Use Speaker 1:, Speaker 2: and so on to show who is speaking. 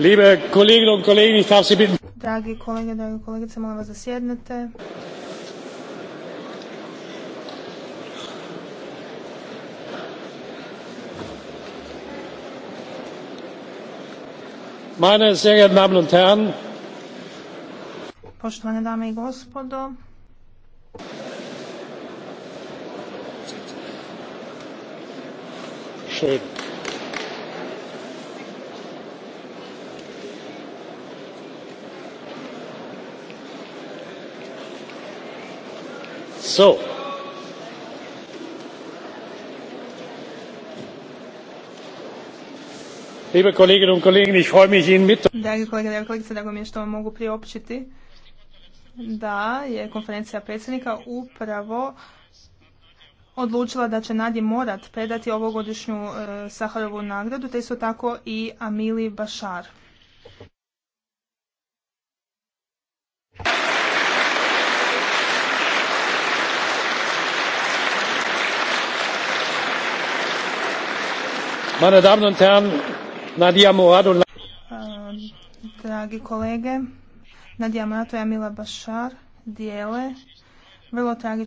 Speaker 1: Liebe Kolleginnen und Kollegen, ich darf Sie bitten. Dragi kolege, dragi kolegice, molim vas da sjednete. Meine sehr geehrten Damen und Herren, Poštovane dame i gospodo, Schön. So. Liebe Kolleginnen und Kollegen, ich freue mich Ihnen mit. Dragi kolege, dragi kolegice, drago mi je što vam mogu priopćiti da je konferencija predsjednika upravo odlučila da će Nadi Morat predati ovogodišnju e, Saharovu nagradu, te isto tako i Amili Bašar. Meine Damen und Herren, Nadia Murad Dragi kolege, nadia Murato i Amila Bashar dijele vrlo tragičnu